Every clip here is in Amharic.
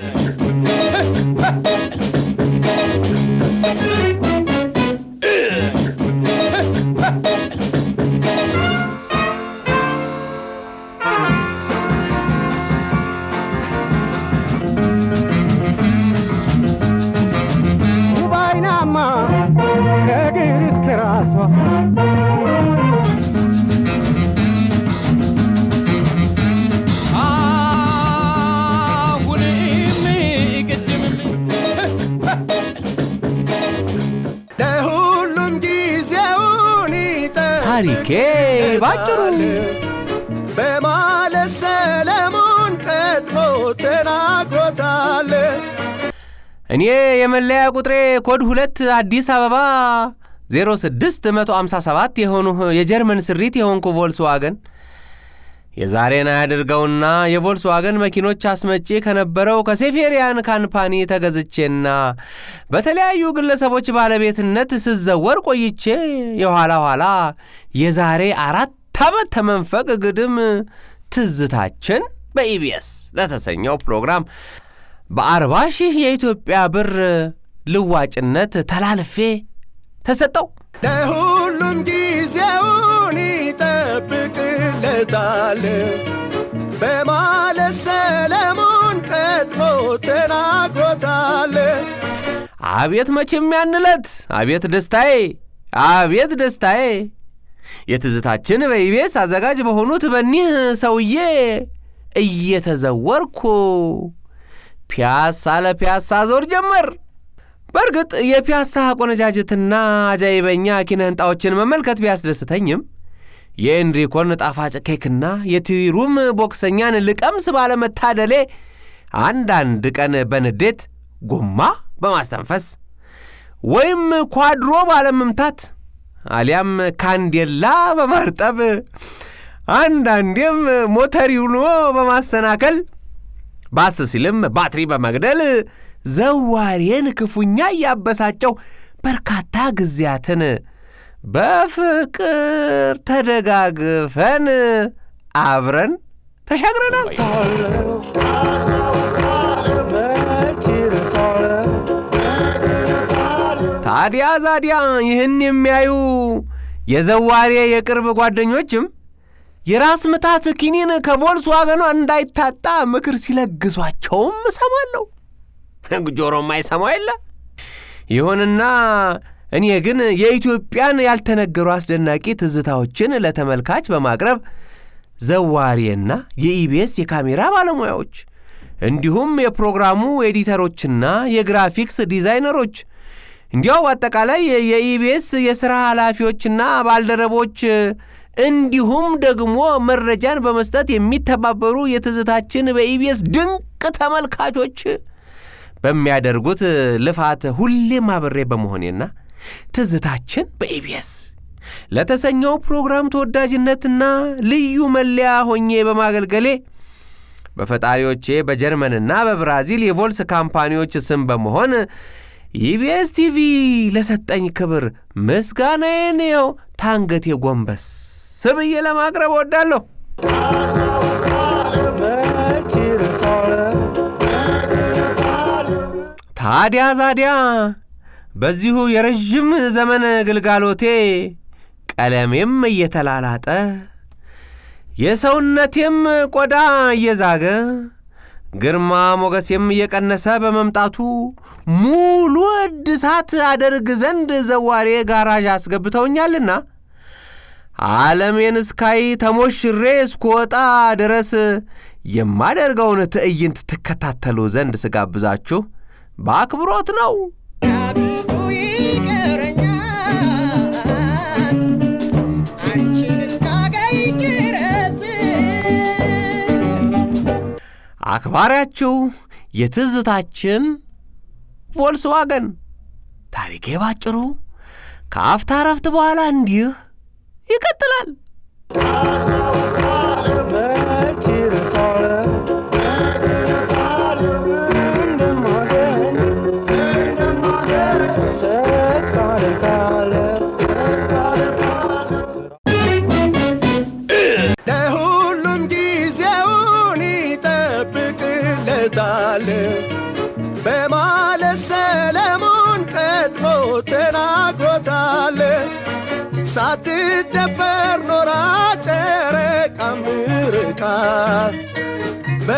Yeah. እኔ የመለያ ቁጥሬ ኮድ ሁለት አዲስ አበባ 0657 የሆኑ የጀርመን ስሪት የሆንኩ ቮልስዋገን የዛሬን አያድርገውና የቮልስዋገን መኪኖች አስመጪ ከነበረው ከሴፌሪያን ካምፓኒ ተገዝቼና በተለያዩ ግለሰቦች ባለቤትነት ስዘወር ቆይቼ የኋላ ኋላ የዛሬ አራት ዓመት ተመንፈቅ ግድም ትዝታችን በኢቢኤስ ለተሰኘው ፕሮግራም በአርባ ሺህ የኢትዮጵያ ብር ልዋጭነት ተላልፌ ተሰጠው። ለሁሉም ጊዜውን ይጠብቅለታል በማለት ሰለሞን ቀድሞ ተናግሮታል። አቤት መቼም ያንለት አቤት ደስታዬ አቤት ደስታዬ የትዝታችን በኢቤስ አዘጋጅ በሆኑት በኒህ ሰውዬ እየተዘወርኩ ፒያሳ ለፒያሳ ዞር ጀመር። በእርግጥ የፒያሳ ቆነጃጀትና አጃይበኛ ኪነ ሕንፃዎችን መመልከት ቢያስደስተኝም የኤንሪኮን ጣፋጭ ኬክና የቲሩም ቦክሰኛን ልቀምስ ባለመታደሌ አንዳንድ ቀን በንዴት ጎማ በማስተንፈስ ወይም ኳድሮ ባለመምታት አሊያም ካንዴላ በማርጠብ አንዳንዴም ሞተሪውኖ በማሰናከል ባስ ሲልም ባትሪ በመግደል ዘዋሪን ክፉኛ እያበሳጨው በርካታ ጊዜያትን በፍቅር ተደጋግፈን አብረን ተሻግረናል። ታዲያ ዛዲያ ይህን የሚያዩ የዘዋሬ የቅርብ ጓደኞችም የራስ ምታት ኪኒን ዋገኗ እንዳይታጣ ምክር ሲለግሷቸውም እሰማለሁ። ጆሮ የማይሰማው የለ። ይሁንና እኔ ግን የኢትዮጵያን ያልተነገሩ አስደናቂ ትዝታዎችን ለተመልካች በማቅረብ ዘዋሪና የኢቢኤስ የካሜራ ባለሙያዎች እንዲሁም የፕሮግራሙ ኤዲተሮችና የግራፊክስ ዲዛይነሮች እንዲያው በአጠቃላይ የኢቢኤስ የሥራ ኃላፊዎችና ባልደረቦች እንዲሁም ደግሞ መረጃን በመስጠት የሚተባበሩ የትዝታችን በኢቢኤስ ድንቅ ተመልካቾች በሚያደርጉት ልፋት ሁሌም አብሬ በመሆኔና ትዝታችን በኢቢኤስ ለተሰኘው ፕሮግራም ተወዳጅነትና ልዩ መለያ ሆኜ በማገልገሌ በፈጣሪዎቼ በጀርመንና በብራዚል የቮልስ ካምፓኒዎች ስም በመሆን ኢቢኤስ ቲቪ ለሰጠኝ ክብር ምስጋናዬን ይኸው ታንገቴ ጎንበስ ስብዬ ለማቅረብ ወዳለሁ። ታዲያ ዛዲያ በዚሁ የረዥም ዘመን ግልጋሎቴ ቀለሜም እየተላላጠ የሰውነቴም ቆዳ እየዛገ ግርማ ሞገሴም እየቀነሰ በመምጣቱ ሙሉ እድሳት አደርግ ዘንድ ዘዋሬ ጋራዥ አስገብተውኛልና ዓለሜን እስካይ ተሞሽሬ እስክወጣ ድረስ የማደርገውን ትዕይንት ትከታተሉ ዘንድ ስጋብዛችሁ በአክብሮት ነው። አክባሪያችሁ የትዝታችን ቮልስዋገን። ታሪኬ ባጭሩ ከአፍታ ረፍት በኋላ እንዲህ ይቀጥላል።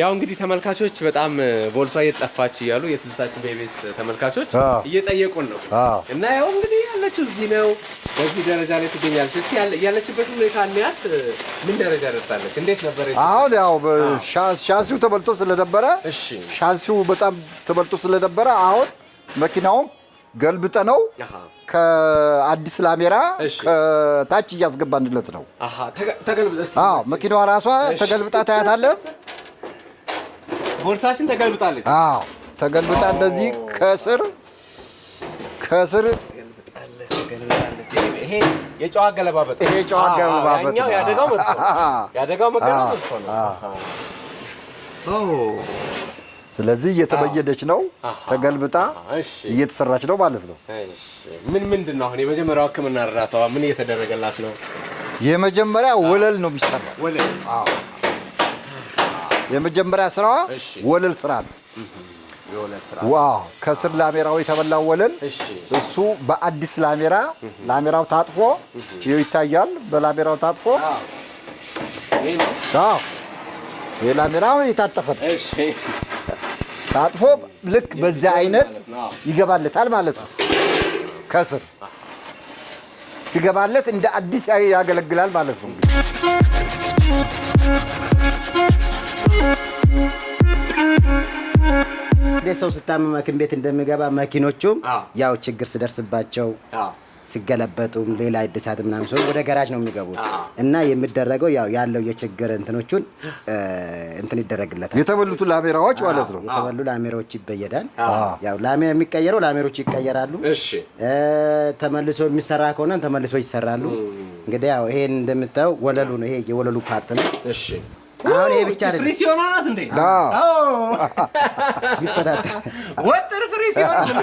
ያው እንግዲህ ተመልካቾች በጣም ቦልሷ እየጠፋች እያሉ የትዝታችን ቤቤስ ተመልካቾች እየጠየቁን ነው እና ያው እንግዲህ ያለችው እዚህ ነው፣ በዚህ ደረጃ ላይ ትገኛለች። እስቲ ያለችበት ሁኔታ እንያት። ምን ደረጃ ደርሳለች? እንዴት ነበር? አሁን ያው ሻሲው ተበልቶ ስለነበረ ሻሲው በጣም ተበልቶ ስለነበረ አሁን መኪናው ገልብጠ ነው ከአዲስ ላሜራ ከታች እያስገባንለት ነው። መኪናዋ ራሷ ተገልብጣ ታያታለህ። ቦርሳሽን ተገልብጣለች። አዎ ተገልብጣ እንደዚህ ከስር ከስር ይሄ የጨዋ ገለባበጥ ይሄ የጨዋ ገለባበጥ ያደጋው መጥቶ ያደጋው መገለባበጥ ነው። ስለዚህ እየተበየደች ነው፣ ተገልብጣ እየተሰራች ነው ማለት ነው። ምን ምንድን ነው አሁን የመጀመሪያው ሕክምና እርዳታዋ ምን እየተደረገላት ነው? የመጀመሪያ ወለል ነው የሚሰራው። ወለል አዎ የመጀመሪያ ስራዋ ወለል ስራ ነው። ዋው ከስር ላሜራው የተበላው ወለል እሱ በአዲስ ላሜራ ላሜራው ታጥፎ ይታያል። በላሜራው ታጥፎ የላሜራው የታጠፈ ታጥፎ ልክ በዚያ አይነት ይገባለታል ማለት ነው። ከስር ሲገባለት እንደ አዲስ ያገለግላል ማለት ነው። እንደ ሰው ስታመም ሐኪም ቤት እንደምገባ መኪኖቹም ያው ችግር ስደርስባቸው ሲገለበጡም ሌላ እድሳት ምናምን ሰው ወደ ጋራጅ ነው የሚገቡት እና የሚደረገው ያው ያለው የችግር እንትኖቹን እንትን ይደረግለታል። የተበሉት ላሜራዎች ማለት ነው። የተበሉ ላሜራዎች ይበየዳል። ያው ላሜራ የሚቀየረው ላሜሮች ይቀየራሉ። ተመልሶ የሚሰራ ከሆነ ተመልሶ ይሰራሉ። እንግዲህ ያው ይሄን እንደምታየው ወለሉ ነው። ይሄ የወለሉ ፓርት ነው። አሁን ይሄ ብቻ ፍሪ ሲሆን አላት እንዴ? አዎ ወጥር ፍሪ ሲሆን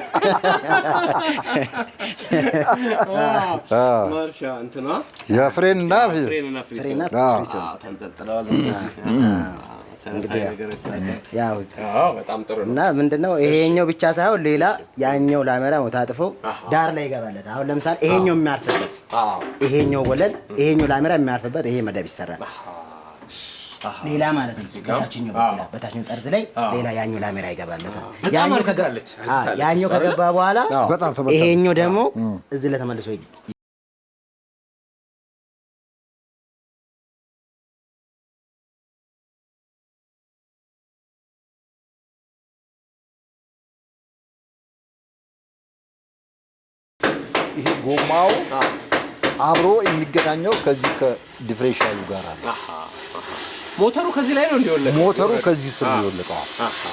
ማርሻ እንትኗ የፍሬንና ፍሬንና ተንጠልጥለዋል። እና ምንድነው ይሄኛው ብቻ ሳይሆን ሌላ ያኛው ላሜራ ታጥፎ ዳር ላይ ይገባለት። አሁን ለምሳሌ ይሄኛው የሚያርፍበት ይሄኛው ወለል ይሄኛው ላሜራ የሚያርፍበት ይሄ መደብ ይሰራል። ሌላ ማለት ነው። በታችኛው በኩል በታችኛው ጠርዝ ላይ ሌላ ያኛው ላሜራ ይገባለታል። ያኛው ከገባ በኋላ በጣም ይሄኛው ደግሞ እዚህ ለተመልሶ ይሄ ጎማው አብሮ የሚገናኘው ከዚህ ከዲፍሬንሻሉ ጋር አለ። ሞተሩ ከዚህ ላይ ነው እንደወለቀ ሞተሩ ከዚህ ስር ነው የወለቀው።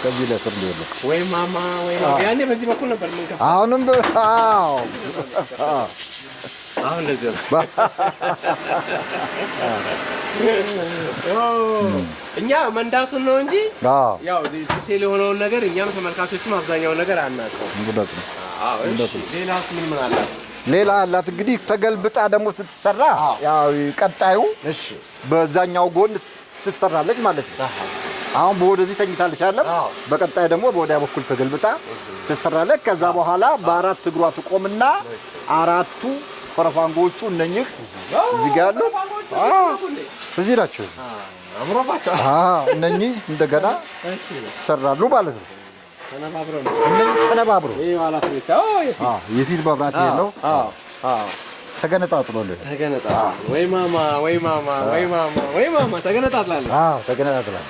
ከዚህ ላይ ስር ነው የወለቀው። ወይ ማማ ወይ ነው ያኔ በዚህ በኩል ነበር ምን ከፋ አሁንም አዎ፣ አሁን እንደዚህ ነው። እኛ መንዳቱን ነው እንጂ ያው ዲቴል የሆነውን ነገር እኛም ተመልካቾችም አብዛኛውን ነገር አናውቀውም። እንደት ነው? አዎ። እሺ ሌላስ ምን ምን አላት? ሌላ አላት እንግዲህ ተገልብጣ ደግሞ ስትሰራ ያው ቀጣዩ በዛኛው ጎን ትሰራለች ማለት ነው። አሁን በወደዚህ ተኝታለች አለ። በቀጣይ ደግሞ በወዲያ በኩል ተገልብጣ ትሰራለች። ከዛ በኋላ በአራት እግሯ ትቆምና አራቱ ፈረፋንጎቹ እነኚህ እዚህ ጋር ያሉ እዚህ ናቸው። እነኚህ እንደገና ይሰራሉ ማለት ነው። ተነባብረው ተነባብሮ የፊት መብራት ነው። ተገነጣጥሎልህ ወይ ማማ ወይ ማማ ወይ ማማ ወይ ማማ ተገነጣጥላለህ። አዎ ተገነጣጥላለህ።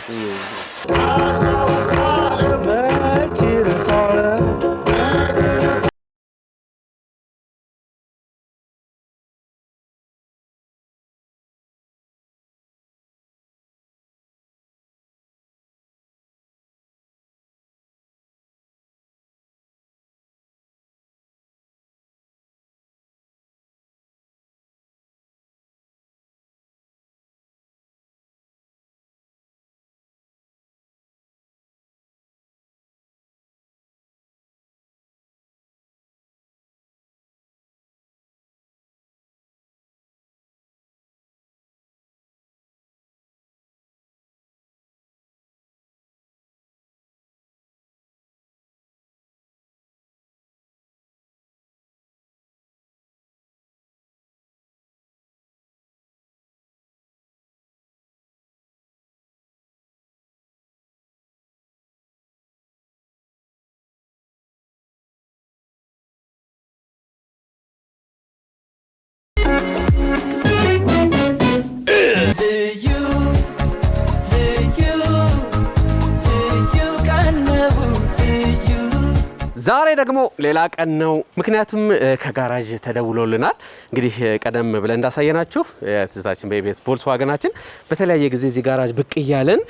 ዛሬ ደግሞ ሌላ ቀን ነው። ምክንያቱም ከጋራዥ ተደውሎልናል። እንግዲህ ቀደም ብለን እንዳሳየናችሁ ትዝታችን በኢቢኤስ ቮልስዋገናችን በተለያየ ጊዜ እዚህ ጋራዥ ብቅ እያለን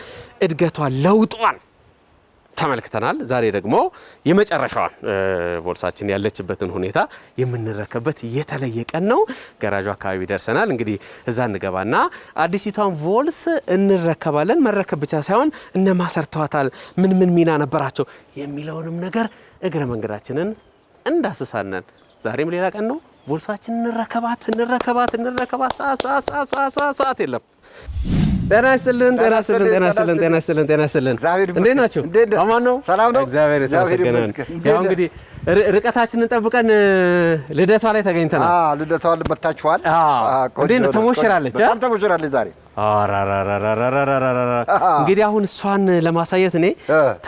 እድገቷን ለውጧን ተመልክተናል። ዛሬ ደግሞ የመጨረሻዋን ቮልሳችን ያለችበትን ሁኔታ የምንረከበት የተለየ ቀን ነው። ገራጁ አካባቢ ደርሰናል። እንግዲህ እዛ እንገባና አዲሲቷን ቮልስ እንረከባለን። መረከብ ብቻ ሳይሆን እነማን ሰርተዋታል፣ ምን ምን ሚና ነበራቸው የሚለውንም ነገር እግረ መንገዳችንን እንዳስሳነን። ዛሬም ሌላ ቀን ነው። ቦርሳችን እንረከባት እንረከባት እንረከባት። ሰዓት የለም። ጤና ይስጥልን፣ ጤና ይስጥልን፣ ጤና ይስጥልን፣ ጤና ይስጥልን፣ ጤና ይስጥልን። እንዴት ናችሁ? አማን ነው፣ ሰላም ነው። እግዚአብሔር የተመሰገነ ያው እንግዲህ ርቀታችንን ጠብቀን ልደቷ ላይ ተገኝተናል። ልደቷ መታችኋል። እንዴት ነው? ተሞሽራለች። በጣም ተሞሽራለች ዛሬ እንግዲህ አሁን እሷን ለማሳየት እኔ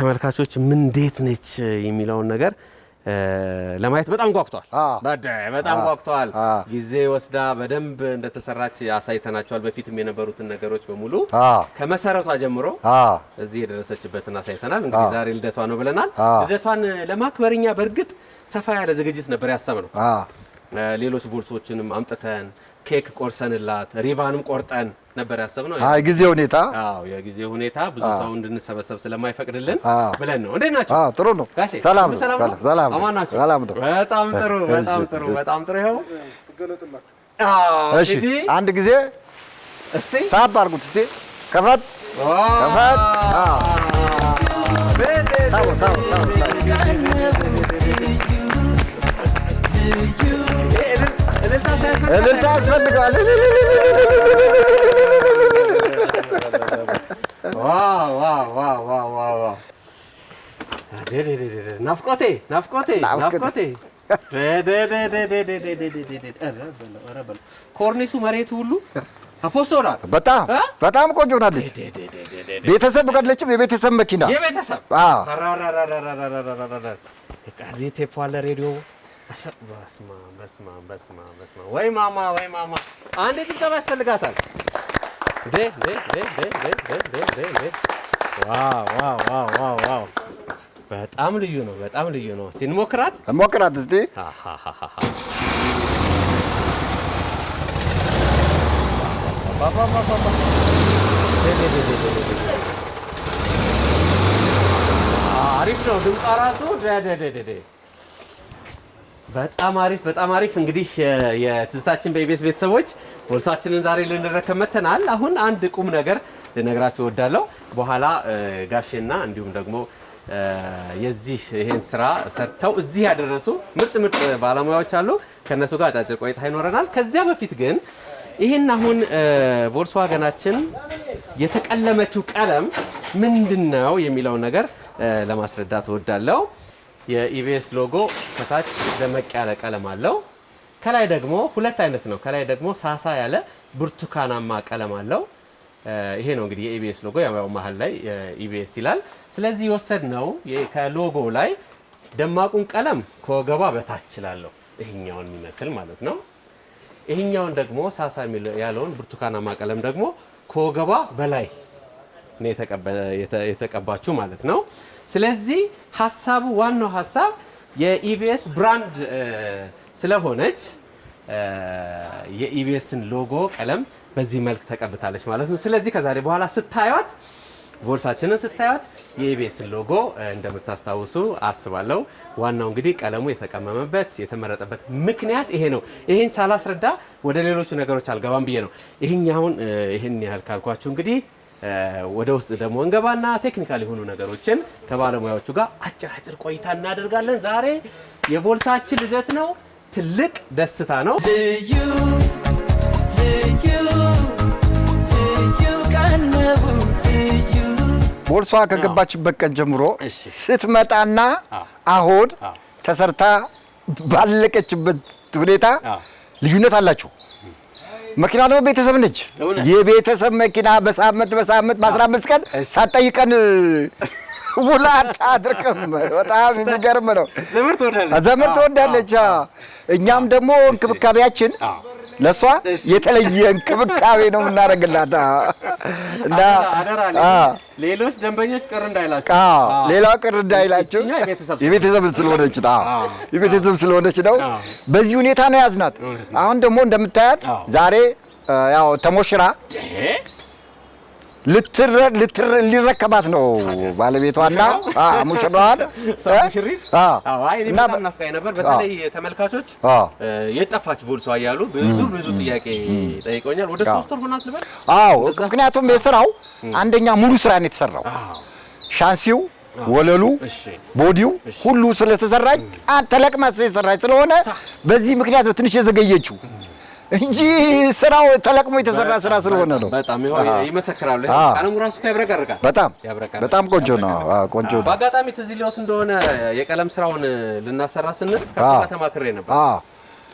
ተመልካቾች ምን እንዴት ነች የሚለውን ነገር ለማየት በጣም ጓጉተዋል። በጣም ጓጉተዋል። ጊዜ ወስዳ በደንብ እንደተሰራች አሳይተናቸዋል። በፊትም የነበሩትን ነገሮች በሙሉ ከመሰረቷ ጀምሮ እዚህ የደረሰችበትን አሳይተናል። እንግዲህ ዛሬ ልደቷ ነው ብለናል። ልደቷን ለማክበርኛ በእርግጥ ሰፋ ያለ ዝግጅት ነበር ያሰብነው። ሌሎች ቮልሶችንም አምጥተን ኬክ ቆርሰንላት ሪቫንም ቆርጠን ነበር ያሰብነው። አይ ጊዜ ሁኔታ አዎ የጊዜ ሁኔታ ብዙ ሰው እንድንሰበሰብ ስለማይፈቅድልን ብለን ነው። እንዴት ናቸው? ጥሩ ነው። ጋሼ ሰላም ሰላም ሰላም። ሰላም ነው። በጣም ጥሩ በጣም ጥሩ በጣም ጥሩ። ይኸው እሺ አንድ ጊዜ እስቲ ሳብ አድርጉት እስቲ። ከፈት ከፈት። አዎ ሳው ሳው ሳው እልልታ ያስፈልገዋል። ናፍቆቴ ናፍቆቴ ናፍቆቴ ኮርኒሱ መሬቱ ሁሉ አፖስቶላል በጣም በጣም ቆንጆ ሆናለች። ቤተሰብ ቀለችም የቤተሰብ መኪና የቤተሰብ ዜቴ ፏለ ሬዲዮ በስማ በስማ በስማ በስማ ወይ ማማ ወይ ማማ አንዴ ጭብጨባ ያስፈልጋታል። በጣም ልዩ ነው። በጣም ልዩ ነው። እስኪ እንሞክራት እንሞክራት እስኪ አሪፍ ነው ድምጿ ራሱ በጣም አሪፍ በጣም አሪፍ። እንግዲህ የትዝታችን በኢቢኤስ ቤተሰቦች ቦልሳችንን ዛሬ ልንረከብ መጥተናል። አሁን አንድ ቁም ነገር ልነግራችሁ እወዳለሁ። በኋላ ጋሼና እንዲሁም ደግሞ የዚህ ይሄን ስራ ሰርተው እዚህ ያደረሱ ምርጥ ምርጥ ባለሙያዎች አሉ። ከነሱ ጋር አጫጭር ቆይታ ይኖረናል። ከዚያ በፊት ግን ይህን አሁን ቮልስዋገናችን የተቀለመችው ቀለም ምንድን ነው የሚለውን ነገር ለማስረዳት እወዳለሁ። የኢቢኤስ ሎጎ ከታች ደመቅ ያለ ቀለም አለው። ከላይ ደግሞ ሁለት አይነት ነው። ከላይ ደግሞ ሳሳ ያለ ብርቱካናማ ቀለም አለው። ይሄ ነው እንግዲህ የኢቢኤስ ሎጎ ያው መሀል ላይ ኢቢኤስ ይላል። ስለዚህ የወሰድ ነው ከሎጎ ላይ ደማቁን ቀለም ከወገቧ በታች እችላለሁ ይሄኛውን የሚመስል ማለት ነው። ይሄኛውን ደግሞ ሳሳ ያለውን ብርቱካናማ ቀለም ደግሞ ከወገቧ በላይ ነው ማለት ነው። ስለዚህ ሀሳቡ ዋናው ሀሳብ የኢቢኤስ ብራንድ ስለሆነች የኢቢኤስን ሎጎ ቀለም በዚህ መልክ ተቀብታለች ማለት ነው። ስለዚህ ከዛሬ በኋላ ስታዩት ቦርሳችንን ስታዩት የኢቢኤስን ሎጎ እንደምታስታውሱ አስባለሁ። ዋናው እንግዲህ ቀለሙ የተቀመመበት የተመረጠበት ምክንያት ይሄ ነው። ይሄን ሳላስረዳ ወደ ሌሎቹ ነገሮች አልገባም ብዬ ነው። ይህኛውን ይህን ያህል ካልኳችሁ እንግዲህ ወደ ውስጥ ደግሞ እንገባና ቴክኒካል የሆኑ ነገሮችን ከባለሙያዎቹ ጋር አጭር አጭር ቆይታ እናደርጋለን። ዛሬ የቦልሳችን ልደት ነው። ትልቅ ደስታ ነው። ልዩ ልዩ ቦልሷ ከገባችበት ቀን ጀምሮ ስትመጣና አሁን ተሰርታ ባለቀችበት ሁኔታ ልዩነት አላችሁ። መኪና ደግሞ ቤተሰብ ነች። የቤተሰብ መኪና በሳምንት በሳምንት በአስራ አምስት ቀን ሳትጠይቀን ውላ አታድርቅም። በጣም የሚገርም ነው። ዘመድ ትወዳለች። እኛም ደግሞ እንክብካቤያችን ለእሷ የተለየ እንክብካቤ ነው የምናደርግላት እና ሌሎች ደንበኞች ቅር እንዳይላቸው ሌላ ቅር እንዳይላቸው የቤተሰብ ስለሆነች የቤተሰብ ስለሆነች ነው። በዚህ ሁኔታ ነው ያዝናት። አሁን ደግሞ እንደምታያት ዛሬ ያው ተሞሽራ ሊረከባት ነው ባለቤቷና ሙሽራዋን እና ናፍቃ ነበር። በተለይ ተመልካቾች የጠፋች ቦልሷ እያሉ ብዙ ብዙ ጥያቄ ጠይቀውኛል። ወደ ሶስት ወር ሆናት ልበል። አዎ ምክንያቱም የስራው አንደኛ ሙሉ ስራ ነው የተሰራው ሻንሲው ወለሉ ቦዲው ሁሉ ስለተሰራች ተለቅማ ስለተሰራች ስለሆነ በዚህ ምክንያት ነው ትንሽ የዘገየችው። እንጂ ስራው ተለቅሞ የተሰራ ስራ ስለሆነ ነው። በጣም ይመሰክራሉ። ቀለሙ ራሱ ያብረቀርቃል። በጣም በጣም ቆንጆ ነው። ቆንጆ ነው። በአጋጣሚ ትዝ ሊወት እንደሆነ የቀለም ስራውን ልናሰራ ስንል ከሱ ተማክሬ ነበር።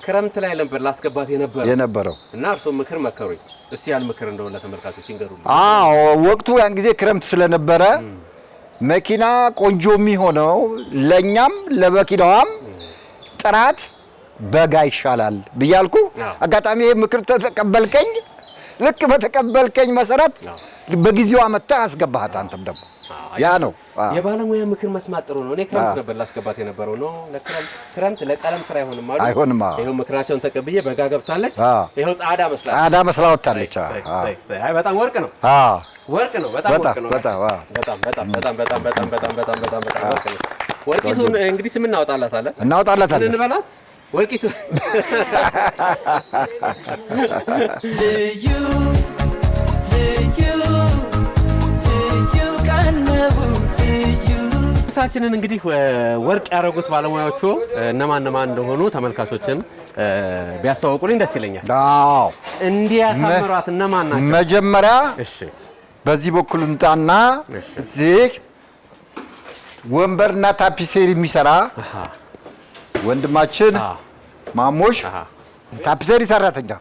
ክረምት ላይ ነበር ላስገባት የነበረው የነበረው እና እርሶ ምክር መከሩኝ። እስቲ ያን ምክር እንደሆነ ለተመልካቾች ይንገሩልኝ። አዎ ወቅቱ ያን ጊዜ ክረምት ስለነበረ መኪና ቆንጆ የሚሆነው ለእኛም ለመኪናዋም ጥራት በጋ ይሻላል ብያልኩ አጋጣሚ ይህ ምክር ተቀበልከኝ። ልክ በተቀበልከኝ መሰረት በጊዜው አመጣ አስገባሃት። አንተም ደግሞ ያ ነው የባለሙያ ምክር መስማት ጥሩ ነው። እኔ ክረምት ነበር ላስገባት የነበረው ነው። ክረምት ለቀለም ስራ አይሆንም አሉ። አይሆንም። ይሄው ምክራቸውን ተቀብዬ በጋ ገብታለች። ይሄው ጻዳ መስላ ጻዳ መስላ ወጣለች። አይ በጣም ወርቅ ነው። አዎ ወርቅ ነው። በጣም ወርቅ ነው። በጣም በጣም በጣም በጣም በጣም በጣም በጣም በጣም ወርቅ ነው። ወርቂቱን እንግዲህ ስም እናወጣላታለን፣ እናወጣላታለን እንበላት ወርቂቱ ልዩ ልዩ ልዩ ቀነቡ ሳችንን እንግዲህ ወርቅ ያደረጉት ባለሙያዎቹ እነማን እነማን እንደሆኑ ተመልካቾችን ቢያስተዋውቁልኝ ደስ ይለኛል። አዎ እንዲያሳምሯት እነማን ናቸው? መጀመሪያ እሺ፣ በዚህ በኩል እንጣና እዚህ ወንበርና ታፒሴሪ የሚሰራ ወንድማችን ማሞሽ ታፒሰሪ ሰራተኛ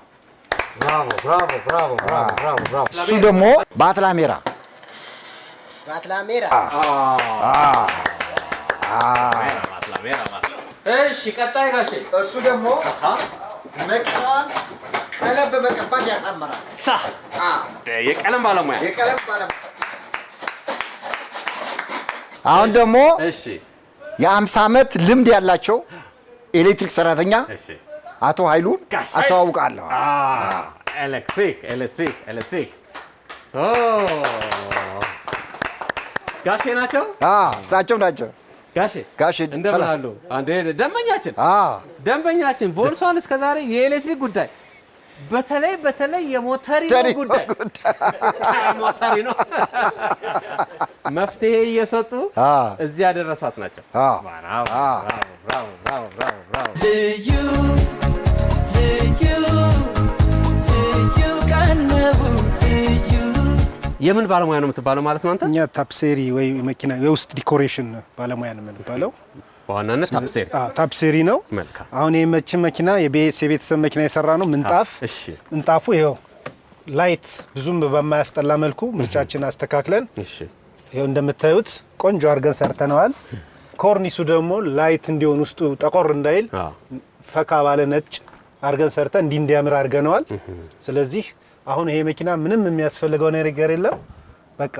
እሱ ደግሞ በአትላሜራ በአትላሜራ። እሺ፣ ቀጣይ ጋሼ። እሱ ደግሞ መቅጫዋን ቀለም በመቀባት ያሳምራል። የቀለም ባለሙያ የቀለም ባለሙያ። አሁን ደግሞ የአምሳ ዓመት ልምድ ያላቸው ኤሌክትሪክ ሰራተኛ አቶ ኃይሉን አስተዋውቃለሁ። ኤሌክትሪክ ኤሌክትሪክ ኤሌክትሪክ ጋሼ ናቸው። እሳቸው ናቸው። ጋሼ ጋሼ እንደምን አሉ? ደንበኛችን ደንበኛችን ቮልሷል እስከ ዛሬ የኤሌክትሪክ ጉዳይ በተለይ በተለይ የሞተሪ ጉዳይ ነው መፍትሄ እየሰጡ እዚህ ያደረሷት ናቸው። ልዩ ልዩ ልዩ ቀለቡ የምን ባለሙያ ነው የምትባለው ማለት ነው አንተ? እኛ ታፕሴሪ ወይ መኪና የውስጥ ዲኮሬሽን ባለሙያ ነው የምንባለው። በዋናነት ታፕሴሪ ታፕሴሪ ነው። አሁን የመችን መኪና የቤስ የቤተሰብ መኪና የሰራ ነው። ምንጣፍ ምንጣፉ ይኸው ላይት ብዙም በማያስጠላ መልኩ ምርጫችን አስተካክለን ይኸው እንደምታዩት ቆንጆ አድርገን ሰርተነዋል። ኮርኒሱ ደግሞ ላይት እንዲሆን ውስጡ ጠቆር እንዳይል ፈካ ባለ ነጭ አድርገን ሰርተን እንዲህ እንዲያምር አድርገነዋል። ስለዚህ አሁን ይሄ መኪና ምንም የሚያስፈልገው ነገር የለም። በቃ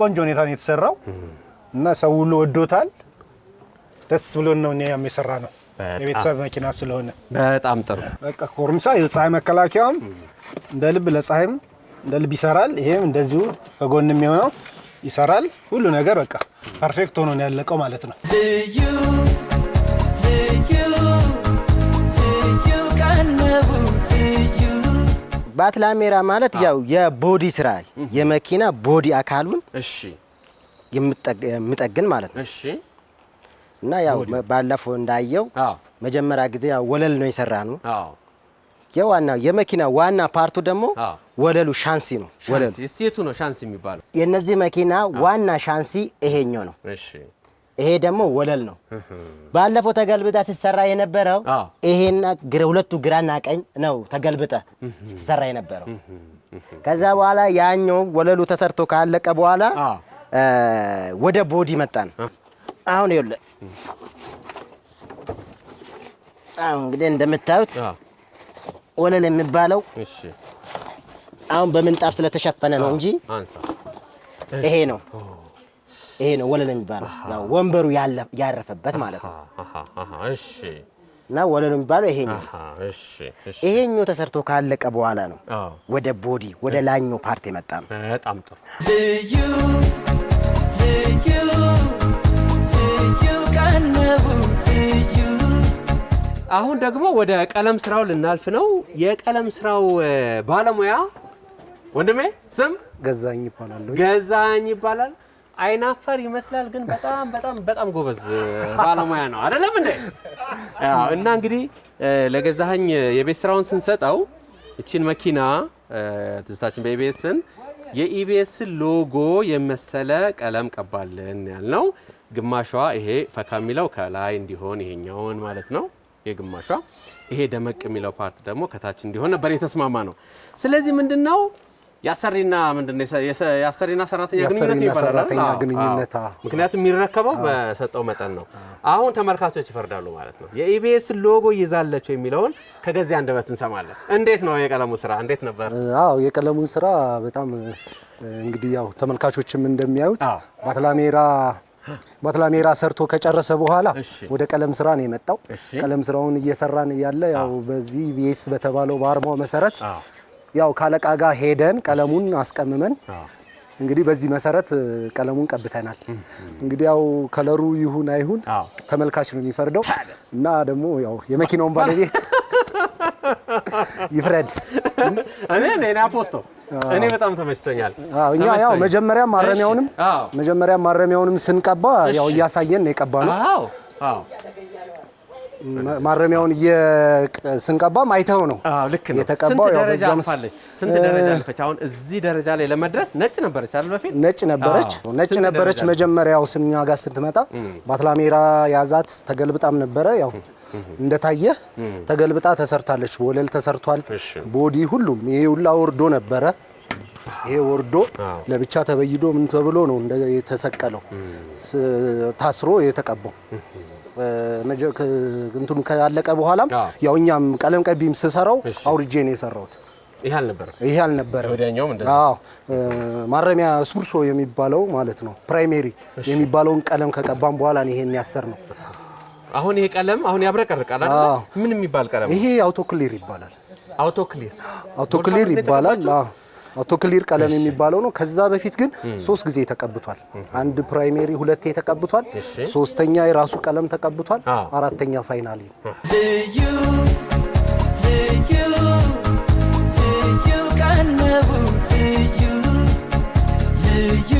ቆንጆ ሁኔታ ነው የተሰራው እና ሰው ሁሉ ወዶታል። ደስ ብሎን ነው እኛም የሰራ ነው የቤተሰብ መኪና ስለሆነ በጣም ጥሩ በቃ ኮርምሳ የፀሐይ መከላከያውም እንደ ልብ ለፀሐይም እንደ ልብ ይሰራል። ይሄም እንደዚሁ ከጎን የሚሆነው ይሰራል። ሁሉ ነገር በቃ ፐርፌክት ሆኖ ነው ያለቀው ማለት ነው። ልዩ ልዩ ባትላሜራ ማለት ያው የቦዲ ስራ የመኪና ቦዲ አካሉን የምጠግን ማለት ነው። እና ያው ባለፈው እንዳየው መጀመሪያ ጊዜ ያው ወለል ነው የሰራ ነው። የዋናው የመኪና ዋና ፓርቱ ደግሞ ወለሉ ሻንሲ ነው። ወለሉ እሴቱ ነው ሻንሲ የሚባለው። የነዚህ መኪና ዋና ሻንሲ ይሄኛው ነው። እሺ ይሄ ደግሞ ወለል ነው። ባለፈው ተገልብጣ ሲሰራ የነበረው ይሄና ሁለቱ ግራና ቀኝ ነው ተገልብጠ ሲሰራ የነበረው። ከዛ በኋላ ያኛው ወለሉ ተሰርቶ ካለቀ በኋላ ወደ ቦዲ መጣን። አሁን ይኸውልህ አሁን እንግዲህ እንደምታዩት ወለል የሚባለው አሁን በምንጣፍ ስለተሸፈነ ነው እንጂ ይሄ ነው ይሄ ነው ወለል የሚባለው ያው ወንበሩ ያረፈበት ማለት ነው። እሺ። እና ወለል የሚባለው ይሄኛው ይሄኛው ተሰርቶ ካለቀ በኋላ ነው ወደ ቦዲ ወደ ላይኛው ፓርት የመጣ ነው። በጣም ጥሩ ልዩ ልዩ አሁን ደግሞ ወደ ቀለም ስራው ልናልፍ ነው። የቀለም ስራው ባለሙያ ወንድሜ ስም ገዛኝ ይባላል። ገዛኝ ይባላል። አይናፈር ይመስላል፣ ግን በጣም በጣም በጣም ጎበዝ ባለሙያ ነው። አይደለም እንዴ? አዎ። እና እንግዲህ ለገዛኝ የቤት ስራውን ስንሰጠው እቺን መኪና ትዝታችን በኢቢኤስን የኢቢኤስ ሎጎ የመሰለ ቀለም ቀባልን ያልነው ግማሿ ይሄ ፈካ የሚለው ከላይ እንዲሆን ይሄኛውን ማለት ነው። የግማሿ ይሄ ደመቅ የሚለው ፓርት ደግሞ ከታች እንዲሆን ነበር የተስማማ ነው። ስለዚህ ምንድነው የአሰሪና ምንድነው የአሰሪና ሰራተኛ ግንኙነት ይባላል። ምክንያቱም የሚረከበው በሰጠው መጠን ነው። አሁን ተመልካቾች ይፈርዳሉ ማለት ነው። የኢቢኤስ ሎጎ ይዛለች የሚለውን ከገዚ አንደበት እንሰማለን። እንዴት ነው የቀለሙ ስራ እንዴት ነበር? አዎ የቀለሙን ስራ በጣም እንግዲህ ያው ተመልካቾችም እንደሚያዩት ባትላሜራ ባትላ ሰርቶ ከጨረሰ በኋላ ወደ ቀለም ስራ ነው የመጣው። ቀለም ስራውን እየሰራን ያለ ያው በዚህ ቢኤስ በተባለው በአርማው መሰረት ያው ካለቃ ጋር ሄደን ቀለሙን አስቀምመን እንግዲህ በዚህ መሰረት ቀለሙን ቀብተናል። እንግዲህ ያው ከለሩ ይሁን አይሁን ተመልካች ነው የሚፈርደው እና ደግሞ ያው የመኪናውን ባለቤት ይፍረድ። እኔ እኔ አፖስቶ እኔ በጣም ተመችቶኛል። እኛ ያው መጀመሪያ ማረሚያውንም መጀመሪያ ማረሚያውንም ስንቀባ ያው እያሳየን ነው የቀባ ነው። አዎ ማረሚያውን ስንቀባም ማይተው ነው ልክ ነው የተቀባው። ስንት ደረጃ አልፈች? አሁን እዚህ ደረጃ ላይ ለመድረስ ነጭ ነበረች አይደል? በፊት ነጭ ነበረች፣ ነጭ ነበረች። መጀመሪያው ስኛ ጋር ስትመጣ ባትላሜራ ያዛት ተገልብጣም ነበረ ያው እንደታየ ተገልብጣ ተሰርታለች። ወለል ተሰርቷል። ቦዲ ሁሉም ይሄ ሁላ ወርዶ ነበረ። ይሄ ወርዶ ለብቻ ተበይዶ ምን ተብሎ ነው የተሰቀለው ታስሮ የተቀባው እንትኑ ካለቀ በኋላም ያው እኛም ቀለም ቀቢም ስሰራው አውርጄ ነው የሰራሁት። ይሄ አልነበረ ይሄ አልነበረ። እንደዛ አዎ፣ ማረሚያ ስቡርሶ የሚባለው ማለት ነው ፕራይሜሪ የሚባለውን ቀለም ከቀባም በኋላ ነው ይሄን ያሰር ነው። አሁን ይሄ ቀለም አሁን ያብረቀርቃል አይደል? ምን የሚባል ቀለም ይሄ? አውቶክሊር ይባላል። አውቶክሊር ክሊር ይባላል። ክሊር ቀለም የሚባለው ነው። ከዛ በፊት ግን ሶስት ጊዜ ተቀብቷል። አንድ ፕራይሜሪ ሁለቴ ተቀብቷል። ሶስተኛ የራሱ ቀለም ተቀብቷል። አራተኛ ፋይናል ልዩ ልዩ ልዩ ቀለሙ ልዩ ልዩ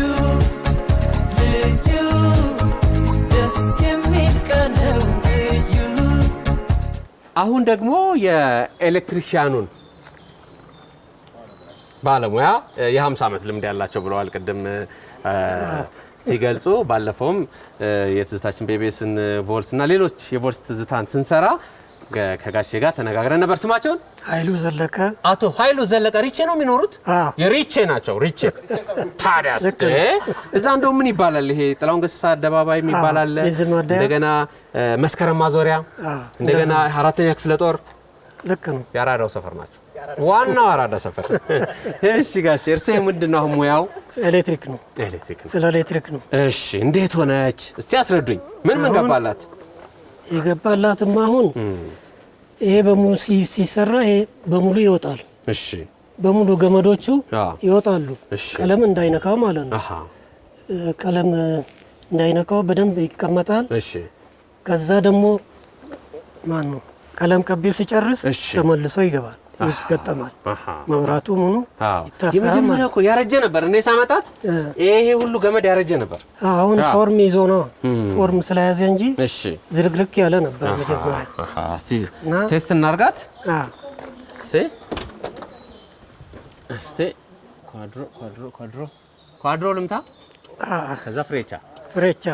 አሁን ደግሞ የኤሌክትሪክሽያኑን ባለሙያ የ50 ዓመት ልምድ ያላቸው ብለዋል ቅድም ሲገልጹ። ባለፈውም የትዝታችን ቤቤስን ቮልስ እና ሌሎች የቮልስ ትዝታን ስንሰራ ከጋሼ ጋር ተነጋግረን ነበር። ስማቸውን ኃይሉ ዘለቀ አቶ ኃይሉ ዘለቀ ሪቼ ነው የሚኖሩት። የሪቼ ናቸው። ሪቼ ታዲያ እዛ እንደው ምን ይባላል ይሄ ጥላሁን ገሰሰ አደባባይ ይባላል። እንደገና መስከረም ማዞሪያ፣ እንደገና አራተኛ ክፍለ ጦር ልክ ነው። የአራዳው ሰፈር ናቸው። ዋናው አራዳ ሰፈር። እሺ ጋሼ እርስ ምንድን ነው ሙያው? ኤሌክትሪክ ነው። ኤሌክትሪክ ስለ ኤሌክትሪክ ነው። እሺ እንዴት ሆነች? እስቲ አስረዱኝ። ምን ምን ገባላት? የገባላትም አሁን ይሄ በሙሉ ሲሰራ ይሄ በሙሉ ይወጣል። እሺ፣ በሙሉ ገመዶቹ ይወጣሉ። ቀለም እንዳይነካው ማለት ነው። ቀለም እንዳይነካው በደንብ ይቀመጣል። ከዛ ደግሞ ማን ነው ቀለም ቀቢው ሲጨርስ ተመልሶ ይገባል። ይገጠማል። መብራቱ ምኑ የመጀመሪያ እኮ ያረጀ ነበር። እኔ ሳመጣት ይሄ ሁሉ ገመድ ያረጀ ነበር። አሁን ፎርም ይዞ ነው ፎርም ስለያዘ እንጂ ዝርግርክ ያለ ነበር መጀመሪያ። እስቲ ቴስት እናርጋት። እስቲ ኳድሮ ኳድሮ ኳድሮ ኳድሮ ልምታ፣ ከዛ ፍሬቻ ፍሬቻ።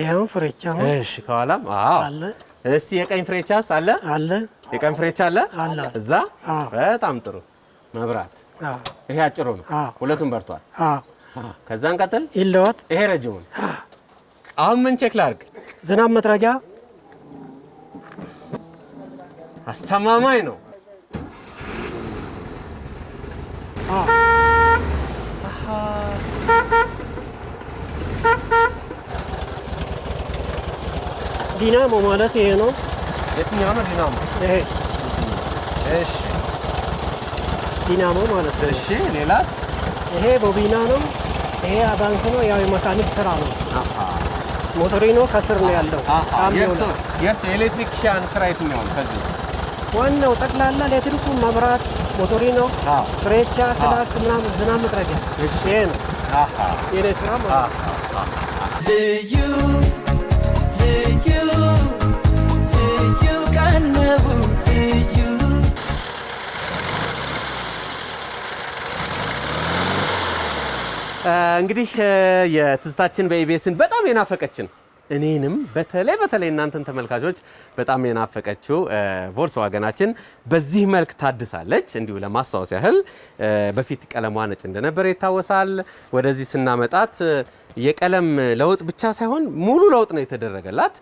ይሄው ፍሬቻ ነው። እሺ ከኋላም አለ እስቲ የቀኝ ፍሬቻስ አለ አለ የቀኝ ፍሬቻ አለ አለ እዛ በጣም ጥሩ መብራት ይሄ አጭሩ ነው። ሁለቱም በርቷል። ከዛን ቀጥል ይለወጥ ይሄ ረጅሙን አሁን ምን ቼክ ላርግ? ዝናብ መጥረጊያ አስተማማኝ ነው። አሃ ዲናሞ ማለት ይሄ ነው። የትኛው ነው ዲናሞ? ይሄ እሺ፣ ዲናሞ ማለት ነው። እሺ፣ ሌላስ? ይሄ ቦቢና ነው። ይሄ አቫንስ ነው። ያው የመካኒክ ስራ ነው። አሃ ሞቶሪኖ ከስር ነው ያለው። የሱ ኤሌክትሪክ ሻን ስራ የትኛው ነው? ከዚህ ውስጥ ዋናው ጠቅላላ ኤሌክትሪኩ፣ መብራት፣ ሞቶሪኖ፣ ፍሬቻ፣ ክላክስ ምናምን፣ ዝናብ መጥረጊያ ይሄ ነው የእኔ ስራ ማለት ነው። ልዩ እንግዲህ የትዝታችን በኢቢኤስን በጣም የናፈቀችን እኔንም በተለይ በተለይ እናንተን ተመልካቾች በጣም የናፈቀችው ዋገናችን በዚህ መልክ ታድሳለች። እንዲሁ ለማስታወስ ያህል በፊት ቀለሟ ነጭ እንደነበረ ይታወሳል። ወደዚህ ስናመጣት የቀለም ለውጥ ብቻ ሳይሆን ሙሉ ለውጥ ነው የተደረገላት።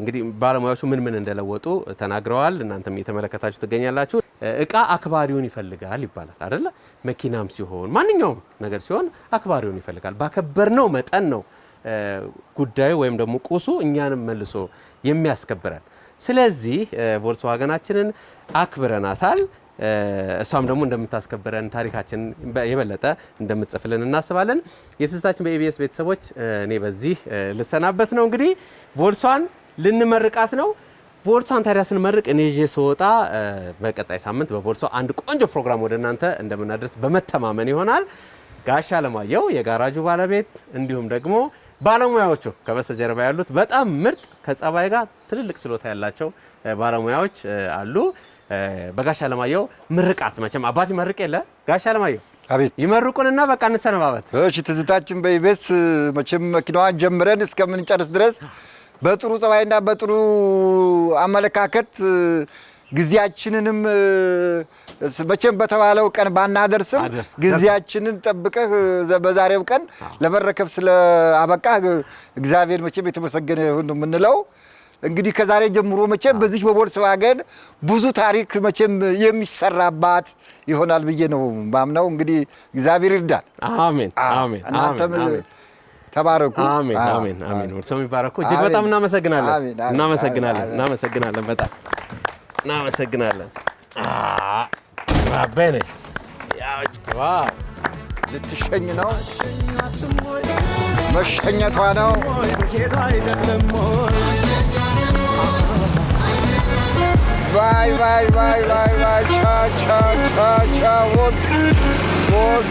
እንግዲህ ባለሙያዎቹ ምን ምን እንደለወጡ ተናግረዋል። እናንተም እየተመለከታችሁ ትገኛላችሁ። እቃ አክባሪውን ይፈልጋል ይባላል አይደለ? መኪናም ሲሆን ማንኛውም ነገር ሲሆን አክባሪውን ይፈልጋል። ባከበርነው መጠን ነው ጉዳዩ ወይም ደግሞ ቁሱ እኛንም መልሶ የሚያስከብረን። ስለዚህ ቮልስዋገናችንን አክብረናታል። እሷም ደግሞ እንደምታስከብረን ታሪካችን የበለጠ እንደምትጽፍልን እናስባለን። የትዝታችን በኢቢኤስ ቤተሰቦች እኔ በዚህ ልሰናበት ነው። እንግዲህ ቮልሷን ልንመርቃት ነው። ቦርሳ ታዲያ ስንመርቅ እኔ ይዤ ስወጣ በቀጣይ ሳምንት በቦርሳ አንድ ቆንጆ ፕሮግራም ወደ እናንተ እንደምናደርስ በመተማመን ይሆናል። ጋሻ አለማየሁ የጋራጁ ባለቤት እንዲሁም ደግሞ ባለሙያዎቹ ከበስተጀርባ ያሉት በጣም ምርጥ ከጸባይ ጋር ትልልቅ ችሎታ ያላቸው ባለሙያዎች አሉ። በጋሻ አለማየሁ ምርቃት መቼም አባት ይመርቅ የለ ጋሻ አለማየሁ አቤት ይመርቁንና በቃ እንሰነባበት። እሺ ትዝታችን በኢቤስ መቼም መኪናዋን ጀምረን እስከምንጨርስ ድረስ በጥሩ ጸባይና በጥሩ አመለካከት ጊዜያችንንም መቼም በተባለው ቀን ባናደርስም ጊዜያችንን ጠብቀህ በዛሬው ቀን ለመረከብ ስለ አበቃ እግዚአብሔር መቼም የተመሰገነ ይሁን የምንለው። እንግዲህ ከዛሬ ጀምሮ መቼም በዚህ በቮልስዋገን ብዙ ታሪክ መቼም የሚሰራባት ይሆናል ብዬ ነው ማምነው። እንግዲህ እግዚአብሔር ይርዳል። አሜን አሜን። ተባረኩ። አሜን አሜን አሜን። እርሶ የሚባረኩ እጅግ በጣም እናመሰግናለን እናመሰግናለን እናመሰግናለን በጣም እናመሰግናለን። አባኔ ልትሸኝ ነው መሸኘቷ ነው ባይ ባይ ባይ ባይ ባይ ቻ ቻ ቻ ቻ ወቅ ወቅ